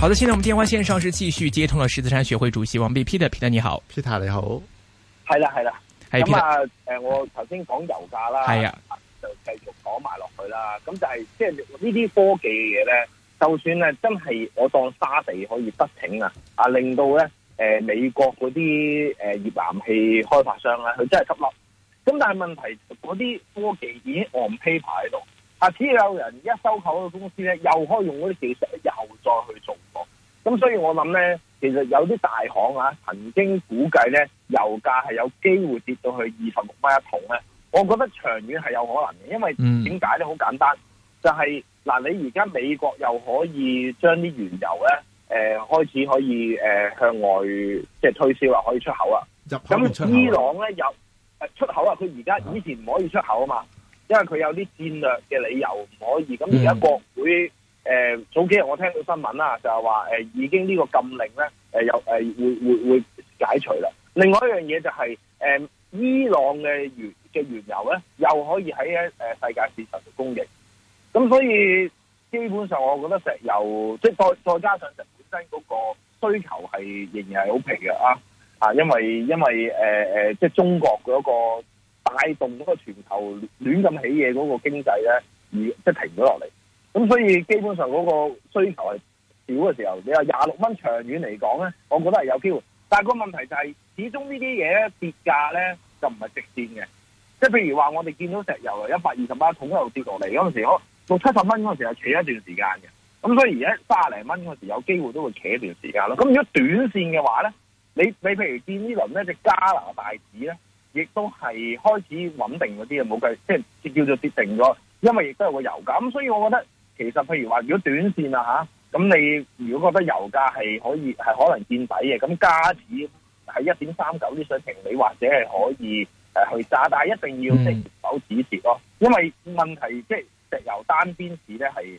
好的，現在我們電話線上是繼續接通了獅子山學會主席王弼的，Peter 你好，Peter 你好，係啦係啦，咁、hey, 啊，誒我頭先講油價啦，係、哎、啊，就繼續講埋落去啦，咁就係、是、即係呢啲科技嘅嘢咧，就算咧真係我當沙地可以不停得逞啊，啊令到咧誒美國嗰啲誒頁岩氣開發商咧佢真係執笠，咁但係問題嗰啲科技已經 on paper 喺度。啊！只要有人一收購嘅公司咧，又可以用嗰啲技術，又再去做過。咁所以我諗咧，其實有啲大行啊，曾經估計咧，油價係有機會跌到去二十六蚊一桶咧。我覺得長遠係有可能嘅，因為點解咧？好、嗯、簡單，就係、是、嗱，你而家美國又可以將啲原油咧，誒、呃，開始可以誒、呃、向外即係推銷啊，可以出口啊。咁伊朗咧又誒出口啊，佢而家以前唔可以出口啊嘛。因為佢有啲戰略嘅理由唔可以，咁而家國會誒、呃，早幾日我聽到新聞啦，就係話誒，已經呢個禁令咧，誒又誒會會會解除啦。另外一樣嘢就係、是、誒、呃，伊朗嘅原嘅原油咧，又可以喺誒、呃、世界市場度供應。咁所以基本上，我覺得石油即係再再加上石油本身嗰個需求係仍然係好平嘅啊啊，因為因為誒誒、呃，即係中國嗰、那個。帶動嗰個全球亂咁起嘢嗰個經濟咧，而即係停咗落嚟。咁所以基本上嗰個需求係少嘅時候，你話廿六蚊長遠嚟講咧，我覺得係有機會。但係個問題就係，始終呢啲嘢跌價咧就唔係直線嘅。即係譬如話，我哋見到石油啊一百二十八桶一跌落嚟嗰陣時，我六七十蚊嗰陣時又企一段時間嘅。咁所以而家卅零蚊嗰陣時有機會都會企一段時間。咁如果短線嘅話咧，你你譬如見呢輪咧隻加拿大紙咧。亦都係開始穩定嗰啲啊，冇計，即係叫做跌停咗。因為亦都係個油價，咁所以我覺得其實譬如話，如果短線啊，咁你如果覺得油價係可以係可能見底嘅，咁加止喺一點三九啲水平，你，或者係可以去揸，但係一定要識否止蝕咯。因為問題即係石油單邊市咧係。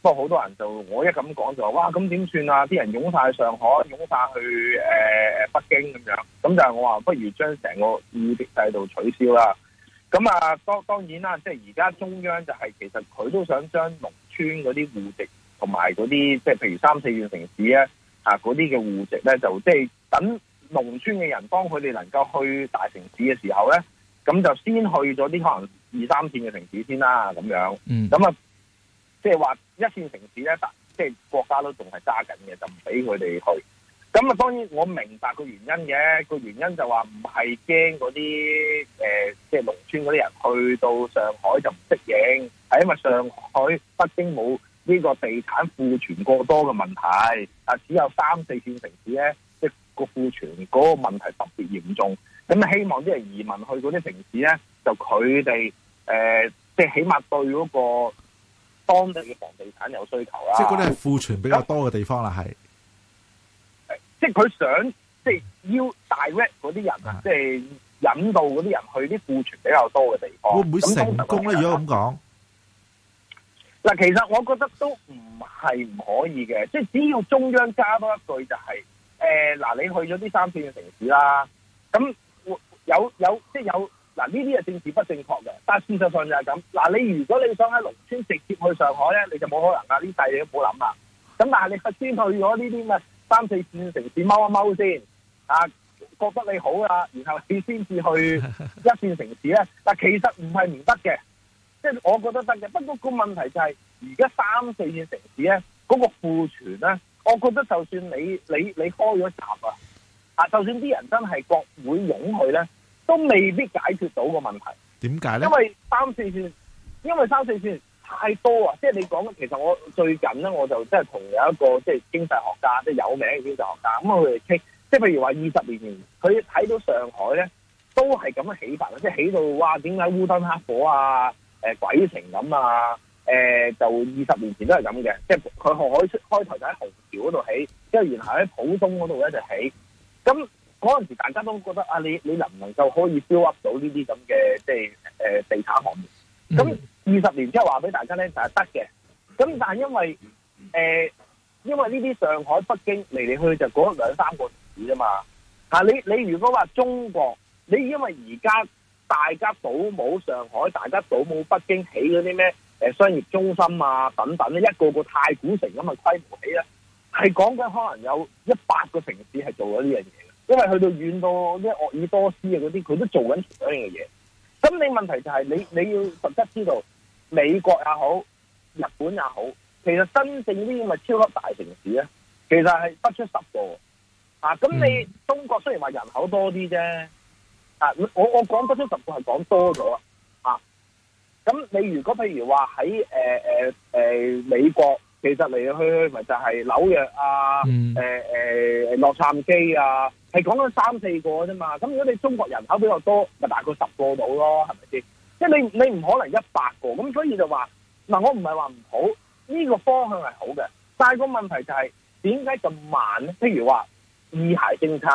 不過好多人就我一咁講就話，哇咁點算啊？啲人湧晒上，上海，湧晒去誒誒、呃、北京咁樣，咁就係我話不如將成個戶籍制度取消啦。咁啊，當當然啦，即係而家中央就係、是、其實佢都想將農村嗰啲戶籍同埋嗰啲即係譬如三四線城市咧，嗰啲嘅戶籍咧就即係等農村嘅人幫佢哋能夠去大城市嘅時候咧，咁就先去咗啲可能二三線嘅城市先啦，咁樣。咁、嗯、啊，即係話。一線城市咧，但即係國家都仲係揸緊嘅，就唔俾佢哋去。咁啊，當然我明白個原因嘅，個原因就話唔係驚嗰啲誒，即係農村嗰啲人去到上海就唔適應，係因為上海、北京冇呢個地產庫存過多嘅問題，啊，只有三四線城市咧，即係個庫存嗰個問題特別嚴重。咁希望啲人移民去嗰啲城市咧，就佢哋誒，即係起碼對嗰個。當地嘅房地產有需求啦、啊，即係嗰啲係庫存比較多嘅地方啦、啊，係、嗯，即係佢想即要 direct 嗰啲人，嗯、即係引導嗰啲人去啲庫存比較多嘅地方，會唔會成功咧、啊？如果咁講，嗱，其實我覺得都唔係唔可以嘅，即係只要中央加多一句就係、是，誒、呃、嗱，你去咗啲三線嘅城市啦、啊，咁有有即係有。有嗱，呢啲係政治不正確嘅，但係事實上就係咁。嗱，你如果你想喺農村直接去上海咧，你就冇可能噶，呢世你都冇諗啦。咁但係你先去咗呢啲咁三四線城市踎一踎先，啊覺得你好啦，然後你先至去一線城市咧。但其實唔係唔得嘅，即係我覺得得嘅。不過個問題就係而家三四線城市咧，嗰個庫存咧，我覺得就算你你你開咗閘啊，啊就算啲人真係國會擁去咧。都未必解決到個問題，點解咧？因為三四線，因為三四線太多啊！即係你講嘅，其實我最近咧，我就即係同有一個即係、就是、經濟學家，即、就、係、是、有名嘅經濟學家，咁我哋傾，即係譬如話二十年前，佢睇到上海咧，都係咁樣起法，即係起到哇！點解烏燈黑火啊？誒、呃，鬼城咁啊？誒、呃，就二十年前都係咁嘅，即係佢海出開頭就喺虹橋嗰度起，即係然後喺浦東嗰度咧就起，咁。嗰陣時大家都覺得啊，你你能唔能夠可以 build up 到呢啲咁嘅即係誒地產項目？咁二十年之後話俾大家咧就係得嘅。咁但係因為誒、呃，因為呢啲上海、北京嚟嚟去去就嗰兩三個城市啫嘛。吓、啊、你你如果話中國，你因為而家大家倒模上海，大家倒模北京起嗰啲咩誒商業中心啊等等咧，一個個太古城咁嘅規模起咧，係講緊可能有一百個城市係做咗呢樣嘢。因為去到遠到啲鄂爾多斯啊嗰啲，佢都做緊同樣嘅嘢。咁你問題就係、是、你你要實質知道美國也好，日本也好，其實真正啲咪超級大城市咧，其實係不出十個啊。咁你、嗯、中國雖然話人口多啲啫，啊，我我講不出十個係講多咗啊。啊，咁你如果譬如話喺誒誒誒美國。其實嚟嚟去去，咪就係紐約啊，誒誒洛杉磯啊，係講咗三四個啫嘛。咁如果你中國人口比較多，咪大概十個到咯，係咪先？即係你你唔可能一百個。咁所以就話，嗱，我唔係話唔好呢個方向係好嘅，但係個問題就係點解咁慢咧？譬如話二孩政策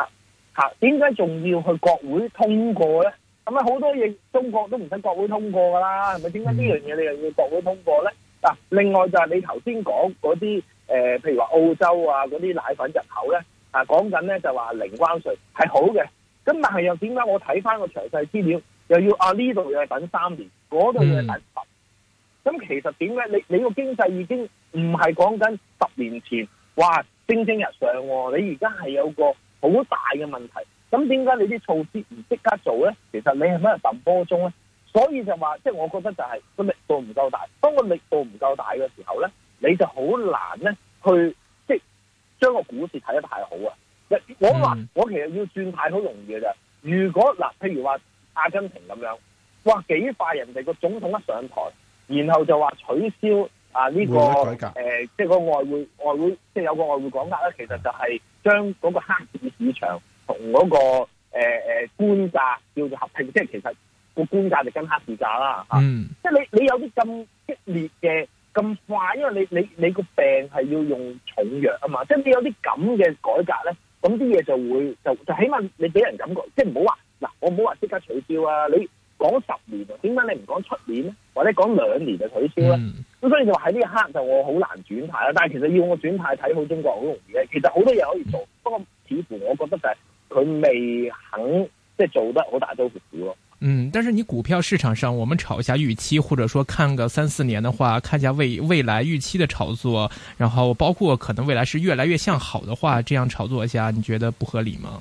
吓，點解仲要去國會通過咧？咁啊好多嘢中國都唔使國會通過噶啦，係咪？點解呢樣嘢你又要國會通過咧？嗱，另外就係你頭先講嗰啲，誒、呃，譬如話澳洲啊嗰啲奶粉入口咧，啊，講緊咧就話零關稅係好嘅，咁但係又點解我睇翻個詳細資料，又要啊呢度又係等三年，嗰度又係等十，咁、嗯、其實點解你你個經濟已經唔係講緊十年前哇蒸蒸日上喎、哦，你而家係有個好大嘅問題，咁點解你啲措施唔即刻做咧？其實你係咪揼波中揼波鐘咧？所以就話，即係我覺得就係個力度唔夠大。當個力度唔夠大嘅時候咧，你就好難咧去即係將個股市睇得太好啊！我話我其實要轉軚好容易嘅啫。如果嗱，譬如話阿根廷咁樣，哇幾快人哋個總統一上台，然後就話取消啊呢、呢個、呃、即係個外匯外匯，即係有個外匯改革咧，其實就係將嗰個黑市市場同嗰、嗰個誒、呃、官價叫做合併，即係其實。個官價就更黑市價啦，吓、嗯、即、啊、係、就是、你你有啲咁激烈嘅咁快，因為你你你個病係要用重藥啊嘛，即係、就是、你有啲咁嘅改革咧，咁啲嘢就會就就起碼你俾人感覺，即係唔好話嗱，我唔好話即刻取消啊，你講十年點解你唔講出年咧，或者講兩年就取消咧？咁、嗯、所以就話喺呢一刻就我好難轉派啦，但係其實要我轉派睇好中國好容易嘅，其實好多嘢可以做，不、嗯、過似乎我覺得就係佢未肯即係、就是、做得好大刀闊咯。嗯，但是你股票市場上，我們炒一下預期，或者說看個三四年的話，看一下未未來預期的炒作，然後包括可能未來是越來越向好的話，這樣炒作一下，你覺得不合理嗎？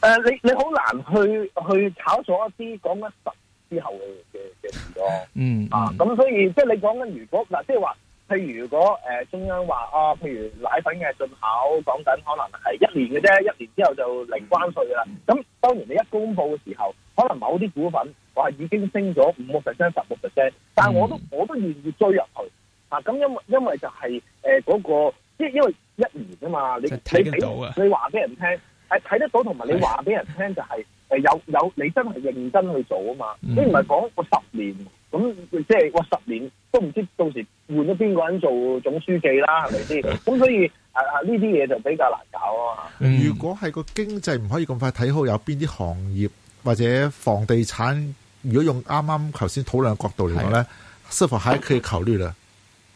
誒、呃，你你好難去去炒作一啲講緊十年之後嘅嘅嘅嘢咯。嗯，嗯啊，咁所以即係你講緊如果嗱，即係話。譬如如果誒中央話啊，譬如奶粉嘅進口講緊可能係一年嘅啫，一年之後就零關稅啦。咁當然你一公佈嘅時候，可能某啲股份話已經升咗五個 percent、十個 percent，但係我都我都願意追入去啊！咁因為因為就係誒嗰個，因因為一年啊嘛，你你俾你話俾人聽係睇得到，同埋你話俾人聽就係誒有有你真係認真去做啊嘛，你唔係講個十年。咁、嗯、即係我十年都唔知到時換咗邊個人做總書記啦，係咪先？咁 所以啊啊，呢啲嘢就比較難搞啊！嗯、如果係個經濟唔可以咁快睇好，有邊啲行業或者房地產？如果用啱啱頭先討論嘅角度嚟講咧，似乎喺佢以考慮咧？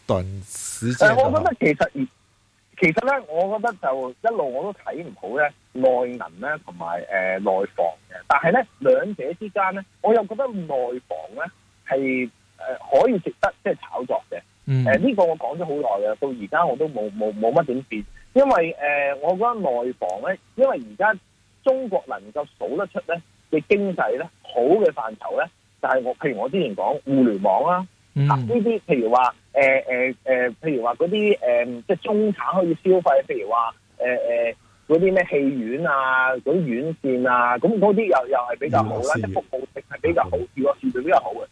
短時間，誒，我覺得其實而其實咧，我覺得就一路我都睇唔好咧內銀咧，同埋誒內房嘅。但係咧，兩者之間咧，我又覺得內房咧。係誒可以值得即係炒作嘅、嗯，誒、這、呢個我講咗好耐嘅，到而家我都冇冇冇乜點變，因為誒我覺得內房咧，因為而家中國能夠數得出咧嘅經濟咧好嘅範疇咧，就係、是、我譬如我之前講互聯網啊，呢啲譬如話誒誒誒，譬、呃呃呃、如話嗰啲誒即係中產可以消費，譬如話誒誒嗰啲咩戲院啊，嗰啲院線啊，咁嗰啲又又係比較好啦，服務性係比較好，個市場比較好嘅。市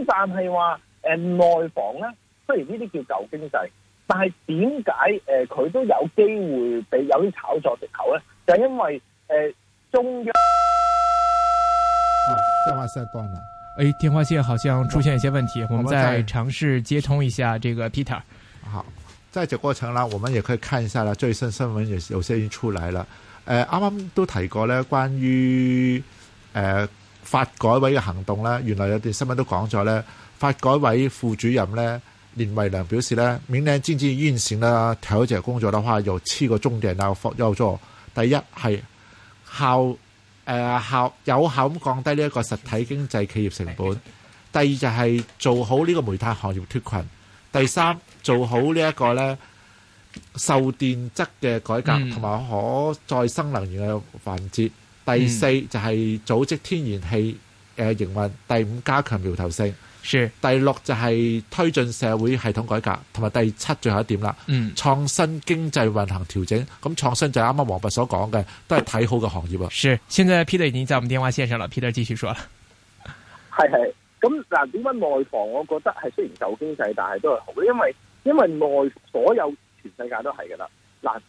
咁但係話，誒內房咧，雖然呢啲叫舊經濟，但係點解誒佢都有機會俾有啲炒作食頭咧？就因為誒、呃、中央啊，電話線斷啦，誒、哎、電話線好像出現一些問題，我們再嘗試接通一下。這個 Peter，好，在這過程啦，我們也可以看一下啦，最新新聞有有些已經出來了。誒、呃，啱啱都提過咧，關於誒。呃發改委嘅行動咧，原來有段新聞都講咗咧。發改委副主任咧，連維良表示咧，勉領專注於線啦，頭一隻工作嘅話又黐個中電啦，有有咗。第一係效誒、呃、效有效咁降低呢一個實體經濟企業成本；第二就係做好呢個煤炭行業脫困；第三做好這呢一個咧售電質嘅改革同埋、嗯、可再生能源嘅環節。第四就係組織天然氣誒營運，第五加強苗頭性。是第六就係推進社會系統改革，同埋第七最後一點啦。嗯，創新經濟運行調整，咁創新就啱啱王弼所講嘅，都係睇好嘅行業啊。是，現在 Peter 已經喺我哋電話線上啦，Peter 繼續說了。係係，咁嗱，點解內房我覺得係雖然救經濟，但係都係好，因為因為內所有全世界都係噶啦，嗱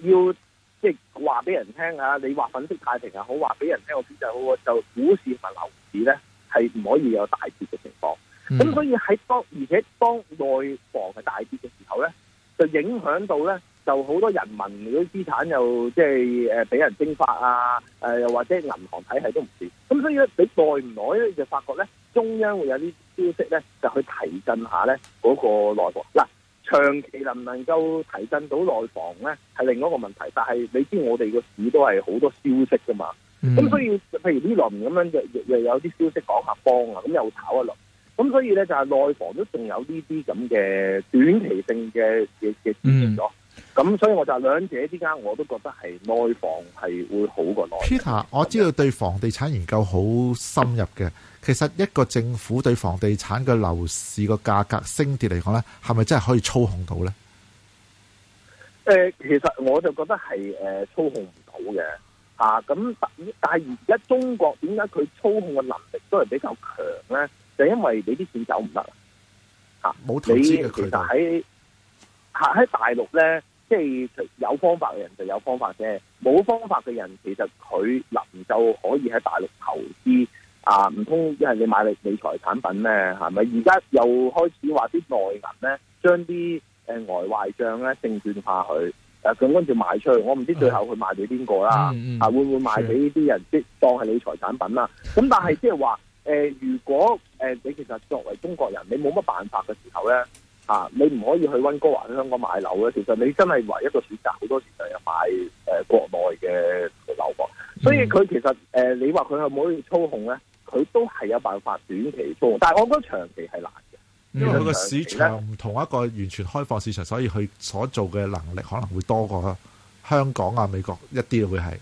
要。即係話俾人聽啊！你話粉飾太平又好，話俾人聽個經濟好啊，就股市同埋樓市咧係唔可以有大跌嘅情況。咁、嗯、所以喺當而且當內房係大跌嘅時候咧，就影響到咧，就好多人民嗰啲資產又即係誒俾人蒸發啊！誒又或者銀行體系都唔掂。咁所以咧，你耐唔耐咧就發覺咧，中央會有啲消息咧就去提振一下咧嗰個內房嗱。長期能唔能夠提振到內房咧，係另一個問題。但係你知道我哋個市都係好多消息噶嘛，咁、嗯、所以譬如呢輪咁樣又又有啲消息講下幫啊，咁又炒一輪。咁所以咧就係內房都仲有呢啲咁嘅短期性嘅嘅嘅支持咗。咁、嗯、所以我就兩者之間，我都覺得係內房係會好過內房。Peter，我知道對房地產研究好深入嘅。其實一個政府對房地產嘅樓市個價格升跌嚟講咧，係咪真係可以操控到咧？誒，其實我就覺得係誒操控唔到嘅吓。咁，但但係而家中國點解佢操控嘅能力都係比較強咧？就因為你啲錢走唔得啦。冇投資嘅渠道。喺喺大陸咧，即係有方法嘅人就有方法啫。冇方法嘅人，其實佢能就可以喺大陸投資。啊，唔通因為你買理理財產品咩？係咪？而家又開始話啲內銀咧，將啲誒外壞賬咧證券化去誒、啊，跟住賣出去。我唔知最後佢賣俾邊個啦。吓、啊，會唔會賣俾啲人即當係理財產品啦？咁但係即係話誒，如果誒、呃、你其實作為中國人，你冇乜辦法嘅時候咧，吓、啊，你唔可以去溫哥華去香港買樓嘅。其實你真係唯一,一個選擇，好多時就係買誒、呃、國內嘅樓房。所以佢其實誒、呃，你話佢係唔可以操控咧？佢都係有辦法短期多，但係我覺得長期係難嘅，因為佢個市場唔同一個完全開放市場，所以佢所做嘅能力可能會多過香港啊、美國一啲會係。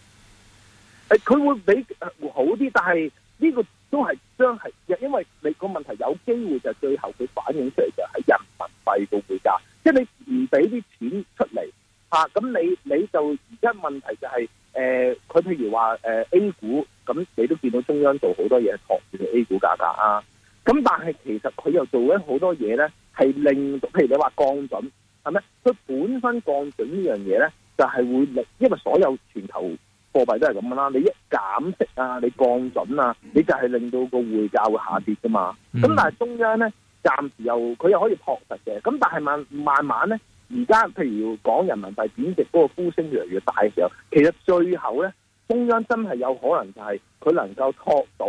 誒，佢會比好啲，但係呢個都係將係，因為你個問題有機會就最後佢反映出嚟就喺人民幣個匯價，即係你唔俾啲錢出嚟吓，咁你你就而家問題就係誒，佢譬如話誒 A 股。咁你都見到中央做好多嘢托住 A 股價格啊！咁但係其實佢又做緊好多嘢咧，係令，譬如你話降準係咩？佢本身降準呢樣嘢咧，就係會令，因為所有全球貨幣都係咁噶啦。你一減息啊，你降準啊，你就係令到個匯價會下跌噶嘛。咁、嗯、但係中央咧，暫時又佢又可以撲實嘅。咁但係慢慢慢咧，而家譬如講人民幣貶值嗰個呼聲越嚟越大嘅時候，其實最後咧。中央真係有可能就係佢能夠托到，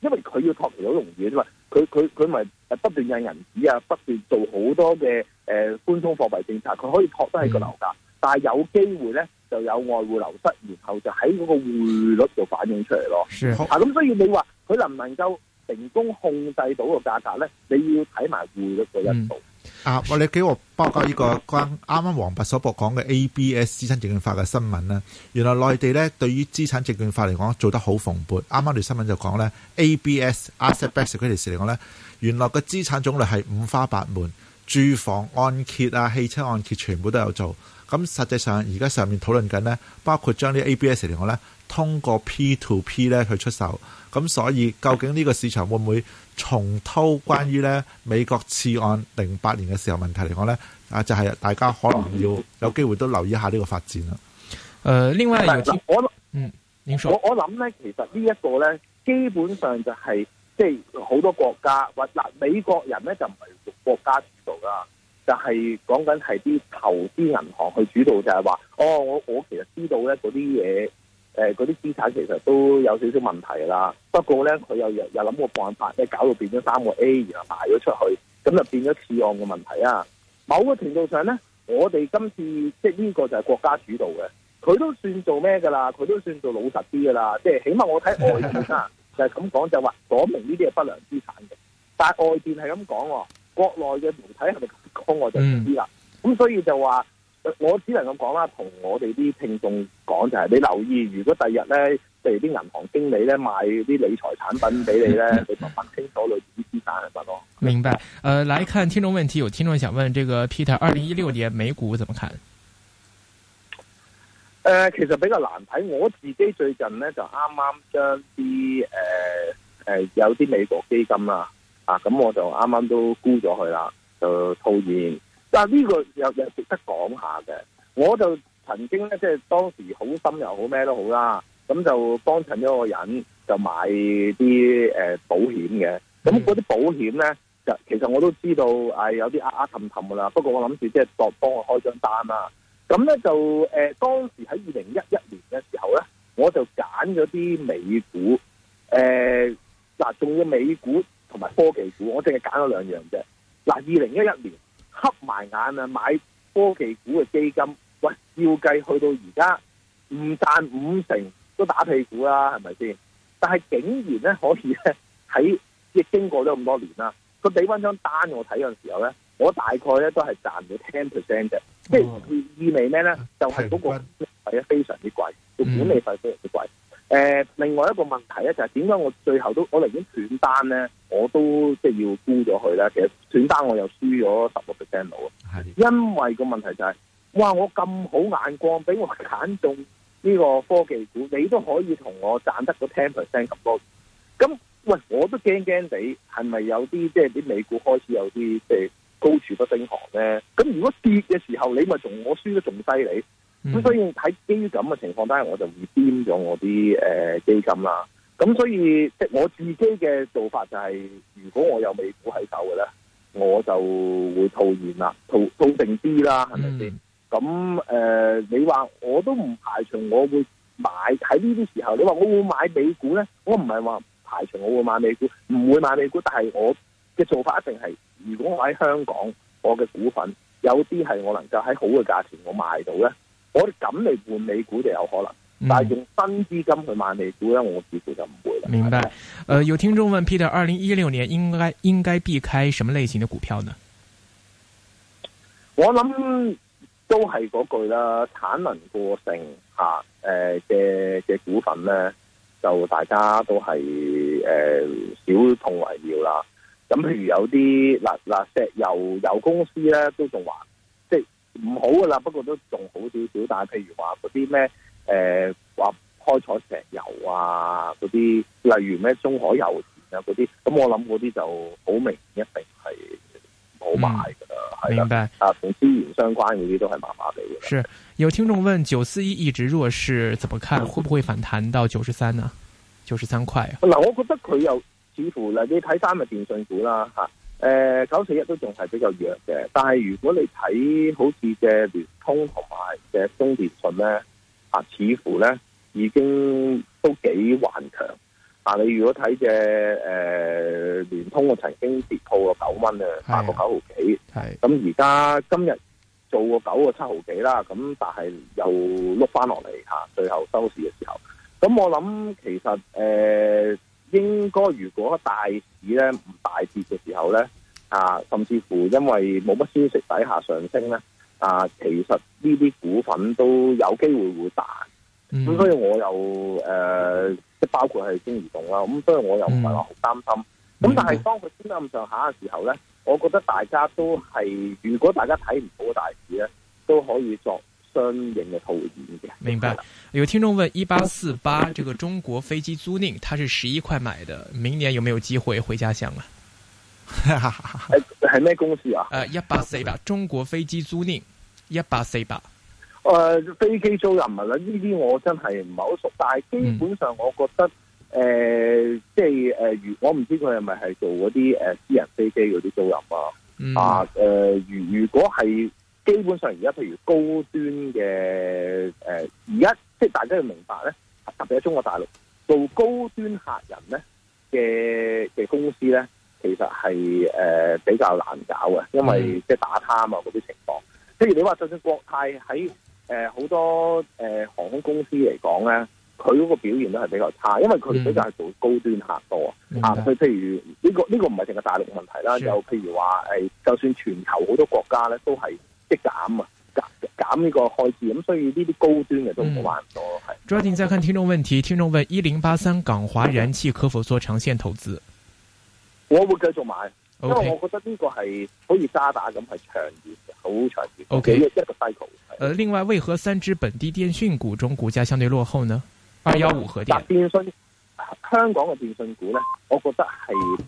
因為佢要托住到容易。嘛，佢佢佢咪誒不斷印銀紙啊，不斷做好多嘅誒寬鬆貨幣政策，佢可以托得喺個樓價、嗯，但係有機會咧就有外匯流失，然後就喺嗰個匯率度反映出嚟咯。啊，咁所以你話佢能唔能夠成功控制到個價格咧？你要睇埋匯率個因素。嗯啊！我哋幾何報告呢個關啱啱黃伯所播講嘅 ABS 資產證券化嘅新聞呢，原來內地呢對於資產證券化嚟講做得好蓬勃。啱啱條新聞就講呢 ABS asset backed securities 樂嚟講呢，原來嘅資產種類係五花八門，住房按揭啊、汽車按揭全部都有做。咁實際上而家上面討論緊呢，包括將啲 ABS 嚟講呢，通過 P to P 咧去出售。咁所以究竟呢個市場會唔會？重偷關於咧美國次案零八年嘅時候問題嚟講咧，啊就係、是、大家可能要有機會都留意下呢個發展啦。誒、嗯，另外我嗯，我我諗咧，其實這呢一個咧，基本上就係即係好多國家或嗱美國人咧，就唔係用國家主導噶，就係講緊係啲投資銀行去主導，就係、是、話哦，我我其實知道咧嗰啲嘢。誒、欸，嗰啲資產其實都有少少問題啦，不過咧佢又又諗個辦法，即搞到變咗三個 A，然後賣咗出去，咁就變咗次按嘅問題啊。某個程度上咧，我哋今次即係呢個就係國家主導嘅，佢都算做咩噶啦？佢都算做老實啲噶啦，即係起碼我睇外電啊， 就係咁講，就話、是、講明呢啲係不良資產嘅，但係外電係咁講，國內嘅媒體係咪咁講？我就唔知啦。咁、嗯、所以就話。我只能咁講啦，同我哋啲聽眾講就係、是，你留意如果第日咧，譬如啲銀行經理咧賣啲理財產品俾你咧，你就問清楚類似啲資單就得咯，明白？誒、呃，來看聽眾問題，有聽眾想問，這個 Peter，二零一六年美股怎麼看？誒、呃，其實比較難睇，我自己最近咧就啱啱將啲誒誒有啲美國基金啦、啊，啊，咁我就啱啱都沽咗佢啦，就套現。嗱呢個又又值得講下嘅，我就曾經咧，即係當時好心又好咩都好啦，咁就幫襯咗個人就買啲誒保險嘅。咁嗰啲保險咧，就其實我都知道，係有啲壓壓氹氹噶啦。不過我諗住即係幫幫我開張單啦。咁咧就誒，當時喺二零一一年嘅時候咧，我就揀咗啲美股，誒嗱，仲要，美股同埋科技股，我淨係揀咗兩樣啫。嗱，二零一一年。瞌埋眼啊！買科技股嘅基金，喂，照計去到而家唔賺五成都打屁股啦，係咪先？但係竟然咧可以咧喺，即係經過咗咁多年啦，佢俾翻張單我睇嗰陣時候咧，我大概咧都係賺咗 ten percent 嘅。即係意味咩咧？就係、是、嗰個費咧非常之貴，佢管理費非常之貴。嗯誒、呃，另外一個問題咧就係點解我最後都我寧願斷單咧，我都即係要沽咗佢啦。其實斷單我又輸咗十六 percent 到啊。係，因為個問題就係、是，哇！我咁好眼光，俾我揀中呢個科技股，你都可以同我賺得個 ten percent 咁多。咁喂，我都驚驚地，係咪有啲即係啲美股開始有啲即係高處不勝寒咧？咁如果跌嘅時候，你咪同我輸得仲犀利。咁、嗯、所以喺基於咁嘅情況，當然我就會編咗我啲誒、呃、基金啦。咁所以即係我自己嘅做法就係、是，如果我有美股喺手嘅咧，我就會套現套套啦，套固定啲啦，係咪先？咁誒、呃，你話我都唔排除我會買，喺呢啲時候，你話我會買美股咧？我唔係話排除我會買美股，唔會買美股，但係我嘅做法一定係，如果我喺香港，我嘅股份有啲係我能夠喺好嘅價錢我買到咧。我哋咁嚟換美股就有可能，但係用新資金去買美股咧，嗯、我自己就唔會啦。明白？誒、呃，有聽眾問 Peter，二零一六年應該應該避開什麼類型嘅股票呢？我諗都係嗰句啦，產能過剩吓誒嘅嘅股份咧，就大家都係誒少碰為妙啦。咁譬如有啲嗱嗱石油油公司咧，都仲還。唔好噶啦，不過都仲好少少，但係譬如話嗰啲咩誒，話、呃、開採石油啊，嗰啲例如咩中海油田啊嗰啲，咁、嗯、我諗嗰啲就好明顯一定係唔好賣噶啦，係、嗯、啊同資源相關嗰啲都係麻麻地嘅。是有聽眾問九四一一直弱勢，怎麼看？會唔會反彈到九十三啊？九十三塊？嗱、啊，我覺得佢又似乎嗱，你睇三日電信股啦，吓、啊。誒、呃，九四一都仲係比較弱嘅，但係如果你睇好似嘅聯通同埋嘅中電信咧，啊，似乎咧已經都幾頑強。但、啊、你如果睇嘅誒聯通，我曾經跌破過九蚊啊，八個九毫幾，係咁而家今日做過九個七毫幾啦，咁但係又碌翻落嚟吓，最後收市嘅時候，咁我諗其實誒。呃應該如果大市咧唔大跌嘅時候咧，啊，甚至乎因為冇乜消息底下上升咧，啊，其實呢啲股份都有機會會彈。咁所以我又誒，即係包括係中移動啦。咁所以我又唔係話好擔心。咁但係當佢升得咁上下嘅時候咧，我覺得大家都係，如果大家睇唔到嘅大市咧，都可以作相應嘅套現嘅。明白。有聽眾問：一八四八，這個中國飛機租賃，它是十一塊買的，明年有沒有機會回家鄉啊？係係咩公司啊？誒、呃，一八四八中國飛機租賃，一八四八。誒、呃，飛機租賃啊啦，呢啲我真係唔係好熟，但係基本上我覺得，誒、嗯，即係誒，我唔知佢係咪係做嗰啲誒私人飛機嗰啲租賃啊。啊、嗯，誒、呃，如果係。基本上而家，譬如高端嘅誒，而家即係大家要明白咧，特別喺中國大陸做高端客人咧嘅嘅公司咧，其實係誒、呃、比較難搞嘅，因為即係打貪啊嗰啲情況。譬如你話就算國泰喺誒好多誒、呃、航空公司嚟講咧，佢嗰個表現都係比較差，因為佢比較係做高端客多啊。啊，佢譬如呢個呢個唔係淨係大陸問題啦，就譬如話誒就算全球好多國家咧都係。即減啊，減減呢個開支，咁所以呢啲高端嘅都冇玩多。係抓緊再看聽眾問題，聽眾問：一零八三港華燃氣可否做長線投資？我會繼續買，okay. 因為我覺得呢個係可以渣打咁，係長遠好長遠。OK，呢個一個 cycle。呃，另外，為何三支本地電訊股中股價相對落後呢？二幺五核電。電訊香港嘅電訊股咧，我覺得係。